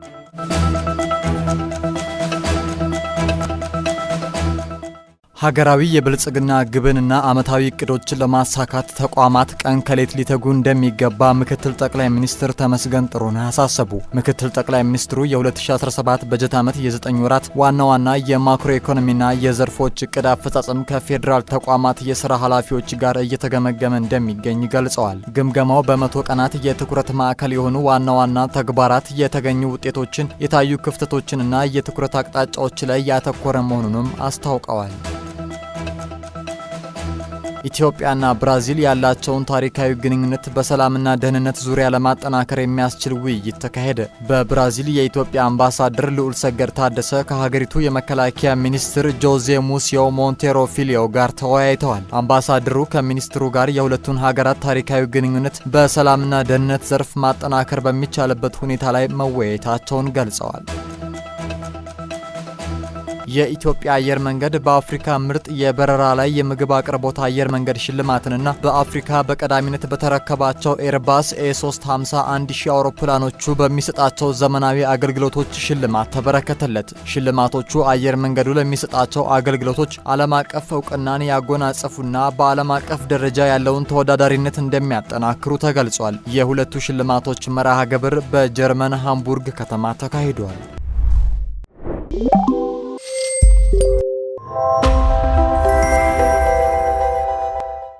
Thank you. ሀገራዊ የብልጽግና ግብንና ዓመታዊ እቅዶችን ለማሳካት ተቋማት ቀን ከሌት ሊተጉ እንደሚገባ ምክትል ጠቅላይ ሚኒስትር ተመስገን ጥሩነህ አሳሰቡ። ምክትል ጠቅላይ ሚኒስትሩ የ2017 በጀት ዓመት የ9 ወራት ዋና ዋና የማክሮ ኢኮኖሚና የዘርፎች እቅድ አፈጻጸም ከፌዴራል ተቋማት የሥራ ኃላፊዎች ጋር እየተገመገመ እንደሚገኝ ገልጸዋል። ግምገማው በመቶ ቀናት የትኩረት ማዕከል የሆኑ ዋና ዋና ተግባራት፣ የተገኙ ውጤቶችን፣ የታዩ ክፍተቶችንና የትኩረት አቅጣጫዎች ላይ ያተኮረ መሆኑንም አስታውቀዋል። ኢትዮጵያና ብራዚል ያላቸውን ታሪካዊ ግንኙነት በሰላምና ደህንነት ዙሪያ ለማጠናከር የሚያስችል ውይይት ተካሄደ። በብራዚል የኢትዮጵያ አምባሳደር ልዑል ሰገድ ታደሰ ከሀገሪቱ የመከላከያ ሚኒስትር ጆዜ ሙሲዮ ሞንቴሮ ፊሊዮ ጋር ተወያይተዋል። አምባሳደሩ ከሚኒስትሩ ጋር የሁለቱን ሀገራት ታሪካዊ ግንኙነት በሰላምና ደህንነት ዘርፍ ማጠናከር በሚቻልበት ሁኔታ ላይ መወያየታቸውን ገልጸዋል። የኢትዮጵያ አየር መንገድ በአፍሪካ ምርጥ የበረራ ላይ የምግብ አቅርቦት አየር መንገድ ሽልማትንና በአፍሪካ በቀዳሚነት በተረከባቸው ኤርባስ ኤ350 1000 አውሮፕላኖቹ በሚሰጣቸው ዘመናዊ አገልግሎቶች ሽልማት ተበረከተለት። ሽልማቶቹ አየር መንገዱ ለሚሰጣቸው አገልግሎቶች ዓለም አቀፍ እውቅናን ያጎናጸፉና በዓለም አቀፍ ደረጃ ያለውን ተወዳዳሪነት እንደሚያጠናክሩ ተገልጿል። የሁለቱ ሽልማቶች መርሃ ግብር በጀርመን ሃምቡርግ ከተማ ተካሂዷል።